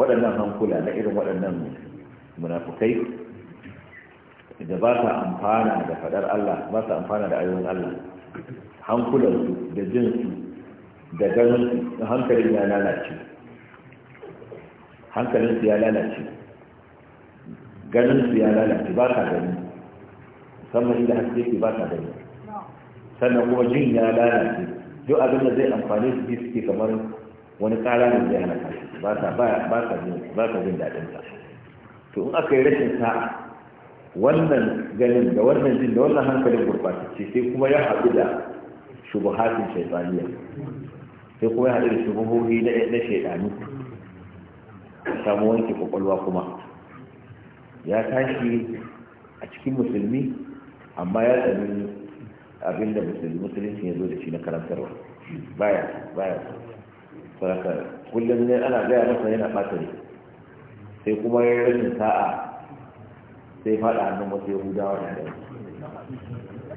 waɗannan hankula na irin waɗannan munafukai da ba ta amfana da fadar Allah ba sa amfana da ayoyin Allah hankulansu da jinsu da ganin hankalin ya lalace hankalinsu ya lalace ganinsu ya lalace ba ka gani sannan inda haske ke ba ka gani sannan kuma jin ya lalace duk abin da zai amfani su suke kamar wani tsara da zai hana kashi ba ka jin daɗin sa to in aka yi rashin sa'a wannan ganin da wannan jin da wannan hankalin gurɓatacce sai kuma ya haɗu da shubuhatin shaifaniya sai kuma ya haɗu da shubuhohi na shaitanu samu wanke kwakwalwa kuma ya tashi a cikin musulmi amma ya tsani abin da musulunci ya zo da shi na karantarwa baya baya saraka kullum ne ana gaya masa yana ɓata ne sai kuma ya rashin sa'a sai faɗa hannun wasu yahudawa da yawa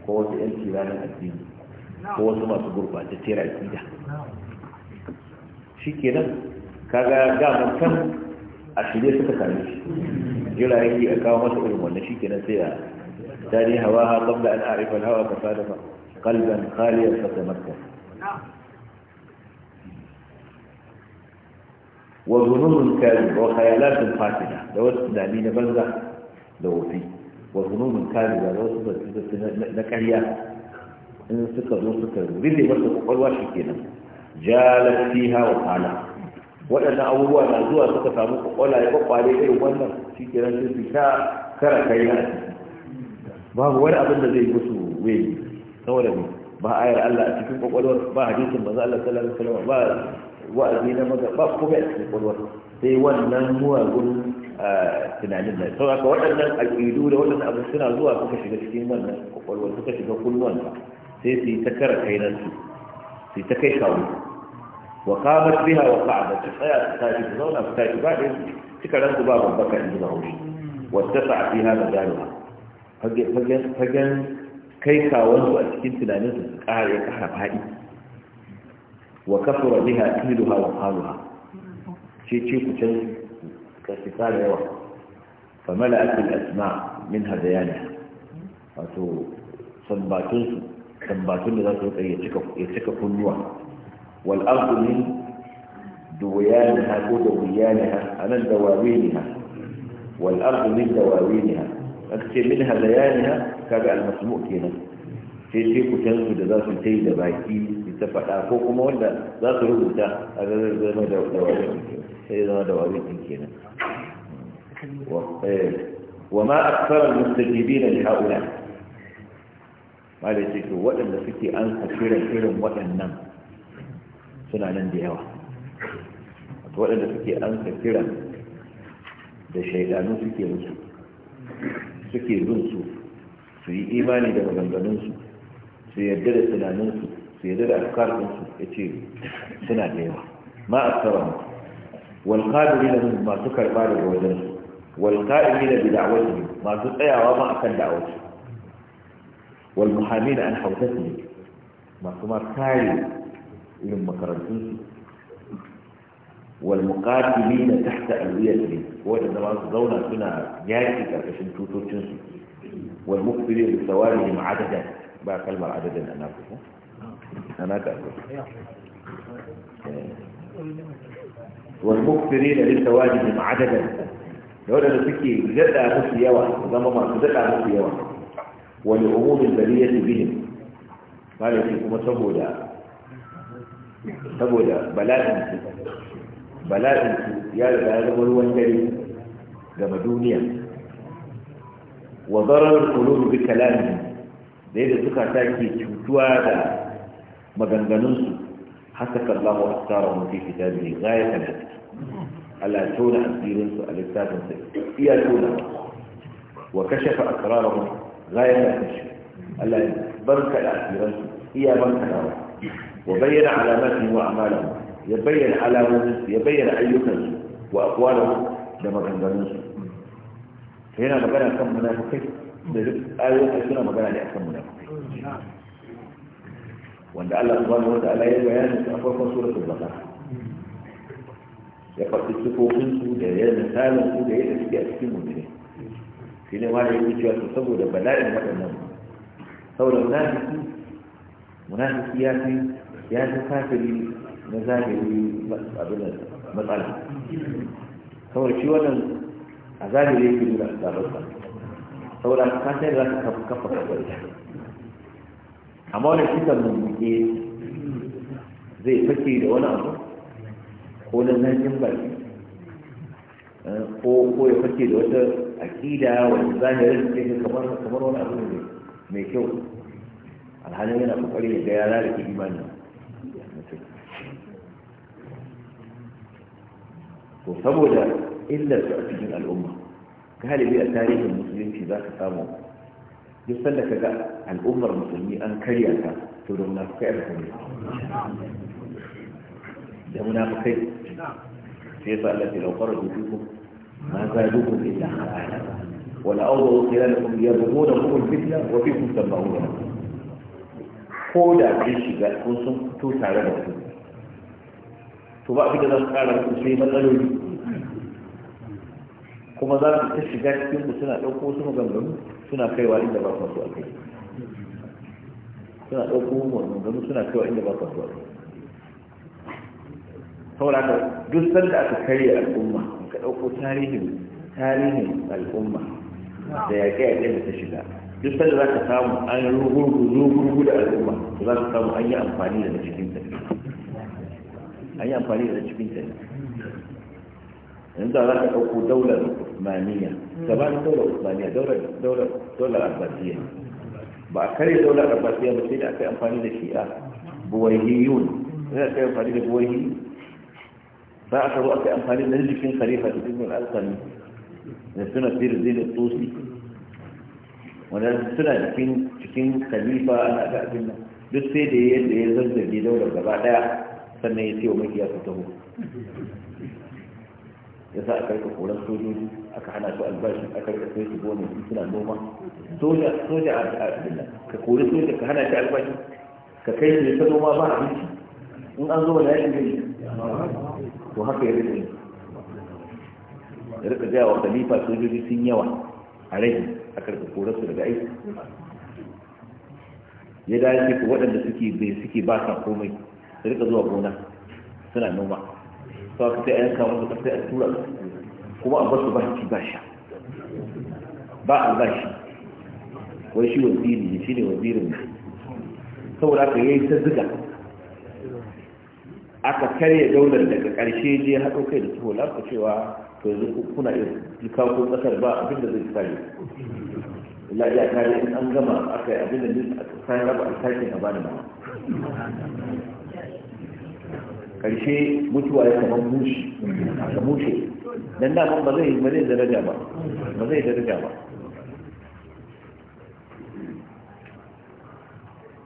ko wasu yan na addini ko wasu masu tera gida shi kenan kaga daman can a shirye suka same shi jira yake a kawo masa irin wannan shi kenan sai ya tare hawa ha qabla an a'rifa al-hawa fa sadafa qalban khaliyan fa tamakkan wa dhununun kadhib wa khayalatun fatida da wasu tunani na banza da wofi wa dhununun kadhib da wasu tunani na ƙarya in suka zo suka rufe masa kwakwalwa shi kenan jalat fiha wa talat waɗannan abubuwa na zuwa suka samu kwakwalaye kwakwale irin wannan shi ke nan sun ta kara kai na babu wani abin da zai musu wani saboda ne ba ayar Allah a cikin kwakwalwar ba hadisin manzo Allah sallallahu alaihi wasallam ba wa'azi na maza ba kuma a cikin kwakwalwar sai wannan muwagun tunanin nan sau haka waɗannan alƙidu da waɗannan abin suna zuwa suka shiga cikin wannan kwakwalwar suka shiga kunnuwan sai su yi ta kara kai nan su su yi ta kai kawo wa qamat biha wa qa'adat tsaya ta tashi zauna ta tashi ba da cika ran ku ba babbaka in zuwa wuri wattasa'a fiha majaluha fagen fagen fagen kai kawon su a cikin tunanin su ƙara ya ƙara faɗi wa kafura biha tiluha wa qaluha ce ce ku can ka ci ƙara yawa fa mala'at al-asma min hadayaniha wato sambatun su sambatun da za su ya cika kunnuwa والأرض من دويانها ودويانها أنا دواوينها والأرض من دواوينها أكثر منها ديانها كابع المسموع كذا في شيء كتير في في دراسة في دبايتي يتفع أفوكم ولا لا تروح تا هذا هذا ما دوا دوا هذا ما دوا بيتين كذا وما أكثر المستجيبين لهؤلاء ما ليش يقول ولا لفتي أن كثير كثير وقت النم suna nan da yawa waɗanda suke an kira da shaidanu suke musu suke bin su yi imani da maganganunsu su yarda da tunaninsu su yarda da alkarinsu ya ce suna da yawa ma a tsara walƙadiri da masu karɓa daga wajensu والقائمين بدعوته ما تطيع وما أكل na والمحامين عن حوثته masu ma كاري irin مكرمين والمقاتلين تحت ألويتهم وإذا ما هنا جاهزة جاكي كركشن توتوتشن والمقبلين بثوابهم عددا بقى كلمة عددا أنا أقول أنا أقول والمقبلين لثوابهم عددا لو أنا سكي زدع نفسي يوا زما ما زدع نفسي يوا ولعموم البلية بهم قال يسيكم ما سبوا saboda bala'in su ya riga ya zama ruwan dare gama duniya wa zarar kulubu bi kalami da yadda suka take cutuwa da maganganunsu hasaka Allahu astarahum fi kitabihi ghayatan haske Allah tona asirinsu a littafin littafinsa iya tona wa kashafa asrarahum ghayatan kashf Allah barka da asirinsu iya barka da وبين علاماتهم واعمالهم يبين على يبين أيهنه واقوالهم لما تنظرنه هنا مكان كم منافقين آية أسنى مكان كم منافقين وعند الله سبحانه وتعالى يبين أفرق سورة البقرة يقول تسكو خنسو دي يمثالو دي يتسكي في دي هنا ما يقول شيئا تصبو دي بلائن مقالنا ثورة منافقين منافقياتي ya fi kafiri na zahiri abin matsala kawai shi wannan a zahiri yake nuna azabarsa saboda ka sai za ka kafa kabari amma wani kisan muke zai fake da wani abu ko na zancin baki eh, ko ko ya fake da wata aƙida wani zahirin da ke kamar kamar wani abu ne mai kyau alhalin yana kokari ya ga ya lalata imanin to saboda illar su a cikin al'umma galibi a tarihin musulunci za ka samu duk sanda ka ga al'ummar musulmi an karya ta to da munafukai a kuma da munafukai sai sa Allah ya laukar da ku ma za duku illa halala wala awdu khilalakum yabghuna fitna wa fikum tabauna ko da kun shiga kun sun fito tare da ku to ba abin da za su kara muku sai matsaloli kuma za su ta shiga cikin ku suna ɗauko wasu maganganu suna kaiwa inda ba su a kai suna ɗauko maganganu suna kaiwa inda ba su a kai saboda duk sanda aka karya al'umma ka ɗauko tarihin tarihin al'umma da yaƙe-yaƙe da ta shiga duk sanda za ka samu an rugurgu rugurgu da al'umma za ka samu an yi amfani da na cikin ta an yi amfani da na cikin ta in za ka ɗauko daular usmaniya gabanin daular usmaniya daular abbasiya ba a kare daular abbasiya ba sai da aka yi amfani da shi a shi'a buwayiyun sai aka yi amfani da buwayi ba a karo aka yi amfani da jikin khalifa da ibn al da suna sirri zai da tosi wanda suna jikin cikin khalifa ana ga abin nan duk sai da yadda ya zazzage daular gaba daya sannan ya ce wa makiya su taho ya za a karka koran sojoji aka hana su albashi aka karka sai su gona su suna noma soja soja a abinda ka kori soja ka hana shi albashi ka kai ne ta noma ba abinci in an zo wani yaƙi ne to haka ya rika ya rika gaya wa khalifa sojoji sun yawa a rage a karka koran su daga aiki ya dace ku waɗanda suke bai suke ba sa komai su rika zuwa gona suna noma sau ka sai a yanka musu sai a tura kuma a basu ba shi ba sha ba albashi wai shi waziri ne shi ne wazirin ne saboda aka yi ta ziga aka karya daular daga karshe je haɗo kai da tuho lafa cewa to yanzu kuna iya jika ko ƙasar ba abin da zai kare illa ya kare in an gama aka yi abin da zai kare ba a sake a bani ba karshe mutuwa ya kamar mushi ka mushe dan da ba zai ba zai daraja ba ba zai daraja ba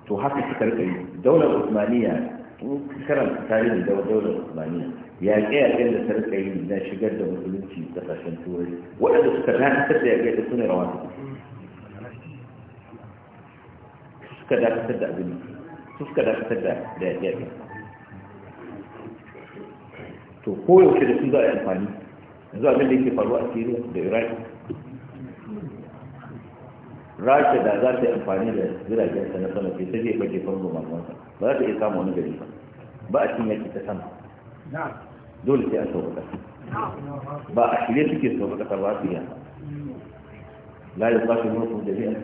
to haka suka rika yi daular usmaniya karan tarihin daular usmaniya yaƙe-yaƙen da sarka yi na shigar da musulunci ƙasashen turai waɗanda suka dakatar da yaƙe da su ne rawa suka dakatar da abin suka dakatar da yaƙe-yaƙen to koyaushe da su za a yi amfani yanzu abin da yake faruwa a syria da iraq rasha da za ta yi amfani da jiragen na sama ke ta jefa jefan zuwa ba za ta iya samu wani gari ba ba a cin yaki ta sama dole sai a sauka ƙasa ba a shirye suke sauka ƙasa ba su yi kuma jami'a. جميعا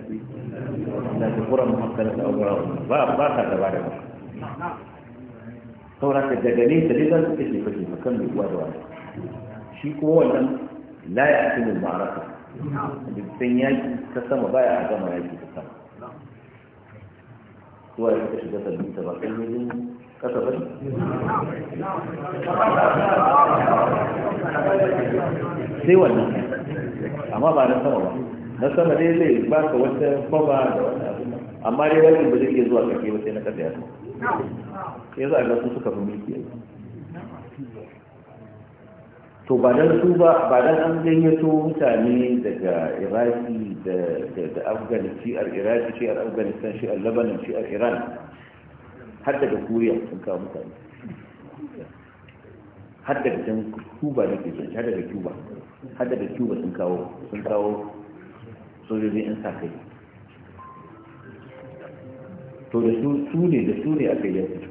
لا تقرا محصنة أو براء ba ba ka gaba da ba. saura ka daga nesa dai za ke kashe kashe kan mai uwa da wani shi kuma wannan la ya ake mai ma'araka da san yaki ta sama baya a gama yaki ta sama zuwa ya kashe kasar nisa ba kan yanzu kasa ba sai wannan amma ba na sama ba na sama dai zai ba ka wata kwaba da wani abu amma dai wani ba zai iya zuwa kake wata na kasa ya sama ya za a ga su suka fi mulki to ba dan su ba ba dan an gayyato mutane daga iraki da da afghanistan al iraki shi al afghanistan shi al lebanon shi al iran har daga kuriya sun kawo mutane har daga can cuba da ke har daga cuba har daga cuba sun kawo sun kawo sojojin yan sa kai to da su ne da su ne aka yi yanzu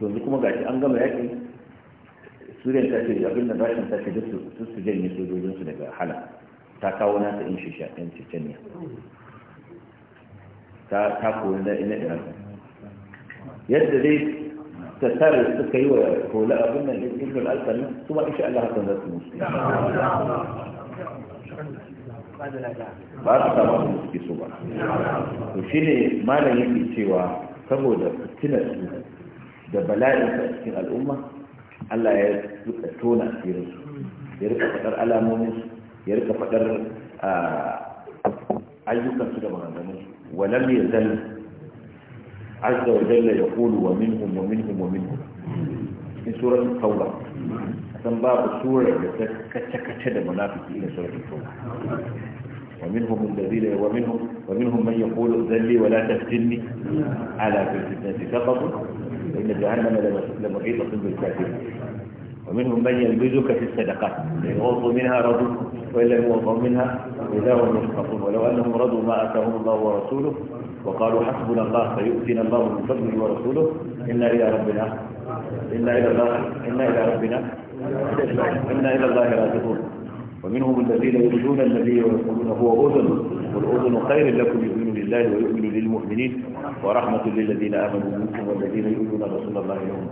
yanzu kuma gashi an gama yaƙi suriyan ta ce abin da rashin ta ce duk su janye sojojinsu daga hala ta kawo na ta in shisha ɗin cecenia ta ta koyi na ina iran yadda dai ta tare suka yi wa kola abin nan ibn al-alqami su ma insha Allah hakan za su musu ba su samu su da so ba to shine malam yake cewa saboda fitinar su da bala'in a cikin al'umma Allah ya tona asirin su ya rika faɗar alamomin su ya rika faɗar ayyukan su da maganganun su walam ya zal azza wa jalla ya qulu wa minhum wa minhum wa minhum in surat tauba san babu surar da ta kace kace da munafiki irin surat tauba ومنهم الذين ومنهم ومنهم من يقول ذلي ولا تفتني على في الفتنة سقطوا إن جهنم لمحيطة بالكافرين ومنهم من يلبزك في الصدقات إن أوصوا منها رضوا وإن لم يوصوا منها إذا هم يسقطون ولو أنهم رضوا ما أتاهم الله ورسوله وقالوا حسبنا الله فيؤتينا الله من فضله ورسوله إنا إلى ربنا إنا إلى الله إنا إلى ربنا إنا إلى الله راجعون ومنهم الذين يؤذون النبي ويقولون هو أذن والأذن خير لكم يؤمن لله ويؤمن للمؤمنين ورحمة للذين آمنوا منكم والذين يؤمنون رسول الله لهم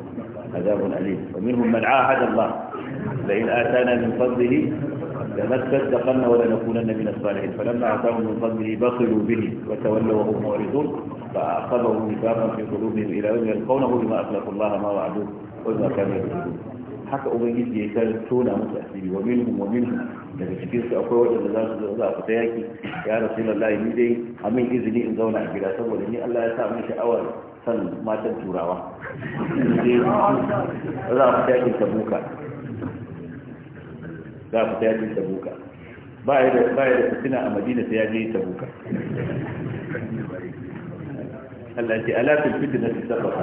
عذاب أليم ومنهم من عاهد الله لئن آتانا من فضله لما استدقن ولنكونن من الصالحين فلما آتاهم من فضله بخلوا به وتولوا وهم معرضون فأخذهم نفاقا في قلوبهم إلى يوم يلقونه بما أخلفوا الله ما وعدوه وما كانوا يكذبون حتى أبيت يسال تولى مسأسيري ومنهم ومنهم daga cikin su akwai waɗanda za su zo za a fita yaki ya rasulullahi ni dai amin izini in zauna a gida saboda ni Allah ya sa min sha'awar san matan turawa za a fita yakin tabuka za a fita yakin tabuka ba ya da ba ya da fitina a Madina sai ya je tabuka Allah ya ce ala fil fitnati sabaqa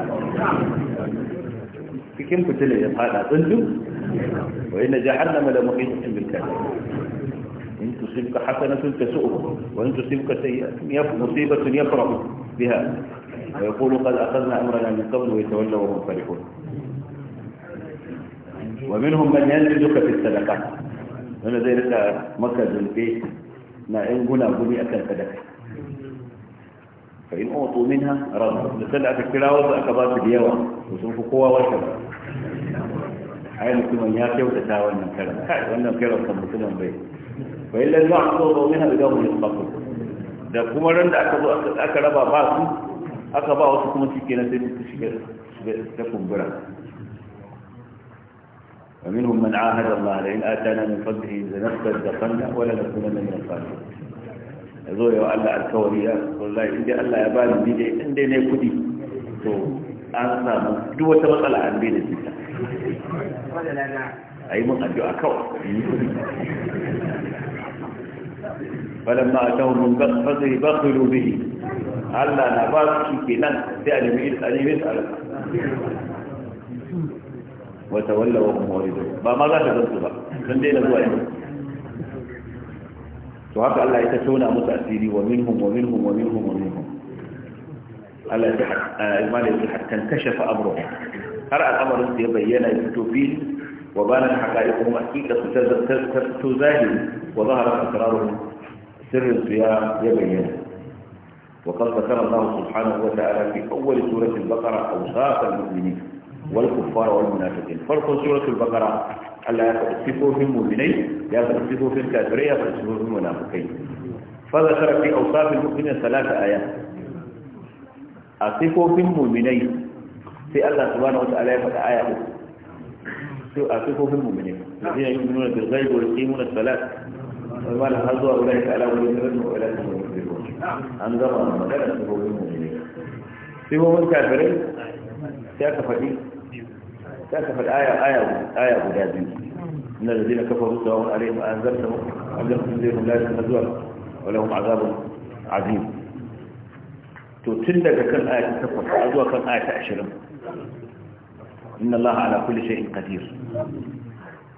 cikin fitila ya fada tsundu wa inna jahannama la muhitatun bil kafirin إن تصيبك حسنة تسوء وإن تصيبك سيئة مصيبة يفرح بها ويقول قد أخذنا أمرنا من قبل ويتولى وهم فرحون ومنهم من ينجدك في الصدقات هنا ذلك مكز البيت ما إن هنا بني أكل فإن أعطوا منها رضوا لسلعة الكلاوة أكبات اليوم وسوف قوة وشبه ai mutumin ya kyautata wannan karan kai wannan karan kan mutumin bai fa illa ma ko ba wani da mu yasbaku da kuma ran da aka zo aka raba ba su aka ba wasu kuma shi shikenan sai su shiga ta kumbura ومنهم من عاهد الله لئن آتانا من فضله لنصدقن ولنكونن من الصالحين yazo yau Allah alkawari ya wallahi inda Allah ya bani ni dai inda ne kudi to an samu duk wata matsala an da ta أي مقدوا أكوا فلما أتوا من بخفضي بخلوا به ألا نباكي في نك تعني بإذن أني بسأل وتولى وهم واردوا بما ذاك تنصبا من دين الوائد تحق الله يتسونا متأثيري ومنهم ومنهم ومنهم ومنهم الله يتحق إيمان آه، يتحق تنكشف أمره har al'amarin da ya bayyana ya fito fi wa bana da haƙari kuma ƙiƙa su tattattu zahi wa za a rasa kararun ya bayyana wa kan zakar Allah subhanahu wa ta'ala fi kawai suratul bakara a wasa'atar mulmini wal kuffara wal munafikin farkon suratul bakara Allah ya faɗi sifofin mulminai ya faɗi sifofin kafirai ya faɗi sifofin munafikai fa fi a wasa'atar mulmini salata aya a sifofin mulminai sai Allah subhanahu wa ta'ala ya faɗa aya uku sai a sifofin mu'mini الذين يؤمنون بالغيب ويقيمون الصلاة وما لها zuwa أولئك على ولي الرجل وأولئك هم المفلحون أن ذكر مدلة سفوف المؤمنين سفوف الكافرين سيكفى سيكفى الآية آية آية guda biyu إن الذين كفروا سواء عليهم أنزلتهم أم لم تنزلهم لا يتنزلون ولهم عذاب عظيم to tun daga kan ayata takwas a zuwa kan ayata ashirin inna allaha ala kulli shay'in qadir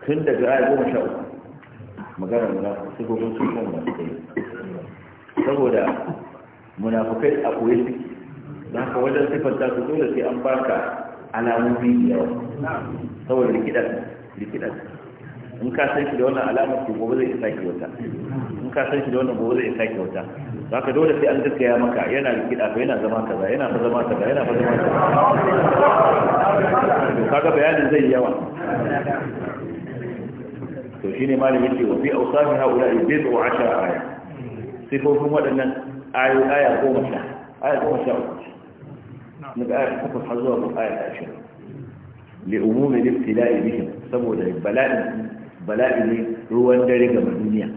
tun daga ayata goma sha uku magana muna sigogin sun kan masu kai saboda munafukai a koyi suke za ka wajen sifanta su dole sai an baka alamomi da yawa saboda rikidar rikidar in ka san shi da wannan alamar to gobe zai sake wata in ka san shi da wannan gobe zai sake wata haka dole sai an gaskaya maka yana rikida fa yana zama kaza yana fa zama kaza yana fa zama kaza kaga bayanin zai yawa to shine malam yake wa fi awsafi haula bid'u 10 aya sifofin waɗannan ayo aya goma sha aya goma sha uku na ga aya takwas har zuwa aya ta ashirin li umumi ibtila'i bihim saboda bala'in bala'i ne ruwan dare ga duniya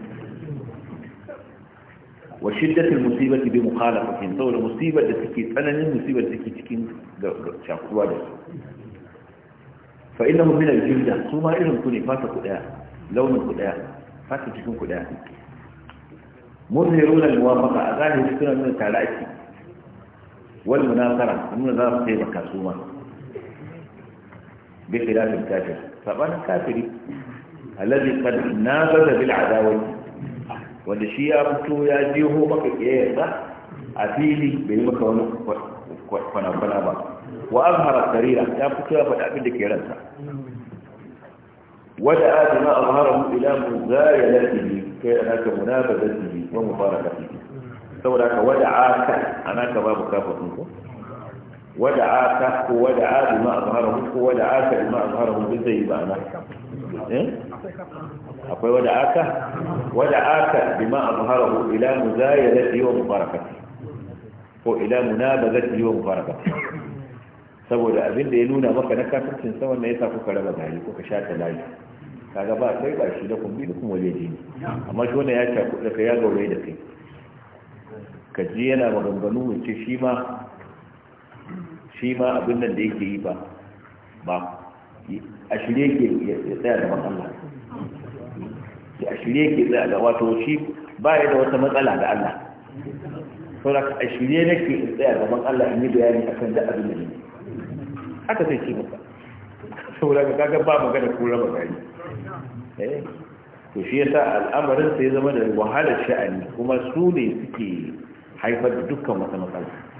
wa shiddatul musibati bi mukhalafatin saboda musibar da take tsananin musibar da take cikin shakuwa da su fa innahu min al-jilda su ma irin ku ne fata ku daya launin ku daya fata cikin ku daya muzhiruna al-muwafaqa a sunan min nuna wal munasara mun za mu kai su ma bi khilafin kafir sabanin kafiri alladhi qad nafaza bil adawati wanda shi ya fito ya jiho maka kiyayarsa a fili bai yi maka wani kwana-kwana ba wa azhara sarira ya fito ya faɗa abin da ke ransa wada adama mu ila muzayalatihi kai anaka munabazatihi wa mubarakatihi saboda ka wada aka anaka babu kafin ko wada'a ka ko wada'a bima azharahu ko wada'a ka bima azharahu duk zai ma'ana eh? akwai wada'a ila ko ila munabazati wa mubarakati saboda abin da ya nuna maka na kafircin sa wannan yasa kuka raba gari kuka shata layi kaga ba kai ba shi da kun bi da kuma waje jini amma shi wannan ya ta da kai ya gaure da kai ka ji yana maganganu mu ce shi ma shi ma abin nan da yake yi ba ba a shirye ke ya tsaya da Allah a shirye ke tsaya da wato shi ba ya da wata matsala da Allah saboda a shirye na ke tsaya gaban Allah in yi bayani kan da abin da ne haka sai ce maka saboda ka kaga ba magana ko raba gari eh to shi yasa al'amarin sai zama da wahalar sha'ani kuma su ne suke haifar da dukkan wata matsala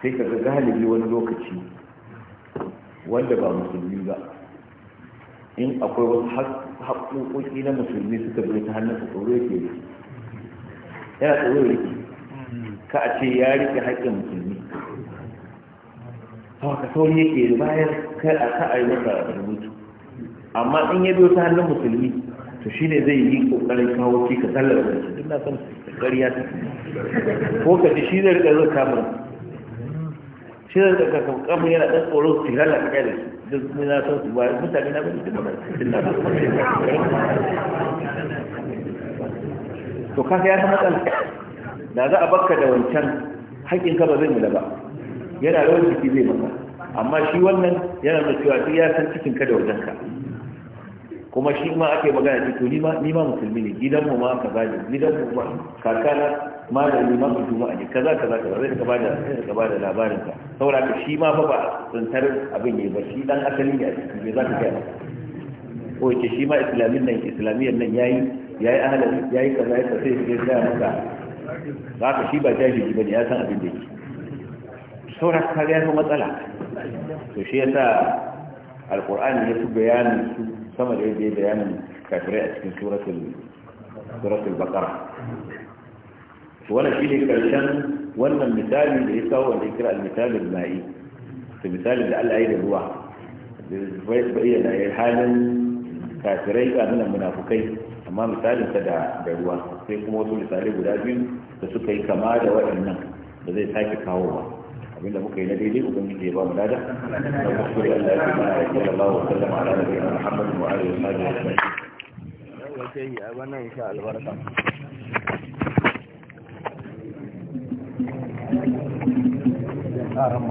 sai ka ga galibi wani lokaci wanda ba musulmi ba in akwai wasu haƙoƙoƙi na musulmi suka zo ta hannun tsoro yake yana tsoro yake ka a ce ya rike haƙƙin musulmi to ka sauri yake bayan kai a ka a yi masa rubutu amma in ya biyo ta hannun musulmi to shi ne zai yi ƙoƙarin kawo ci ka tallar da shi duk na san ƙarya ko ka ji shi zai riƙa zai kamar shi da daga kamar yana ɗan tsoron su yana da kai da su duk na son su bayan mutane na bane duka to kaka ya san da za a bakka da wancan haƙƙin ka ba zai mu da ba yana rawar jiki zai maka amma shi wannan yana da cewa duk ya san cikin ka da wajen ka kuma shi ma ake magana ce to ni ma ni ma musulmi ne gidan mu ma kaza ne gidan mu ma kakana malami ma mutu ma ne kaza kaza kaza zai ka bada zai ka bada labarin ka saboda ka shi ma fa ba tsantar abin ne ba shi dan asalin ne a cikin me za ka kai ko ke shi ma islamin nan islamiyyar nan yayi yayi ahalari yayi kaza yayi kaza sai ya ga maka za ka shi ba jahili bane ya san abin da yake saboda ka ga matsala to shi yasa alqur'ani ya su bayani su sama da yadda ya bayanin kafirai a cikin suratul baqara shine karshen wannan misali da ya kawo wanda ya kira al-misalul ma'i to misalin da Allah ya yi da ruwa bayyana ya halin kafirai a nuna munafukai amma misalin da da ruwa sai kuma wasu misalai guda biyu da suka yi kama da waɗannan da zai sake kawowa abinda muka yi na daidai ubangiji ya ba mu lada da kuskure Allah ya kuma ya kula Allah wa sallama ala nabiyina Muhammad wa alihi wa sahbihi ajma'in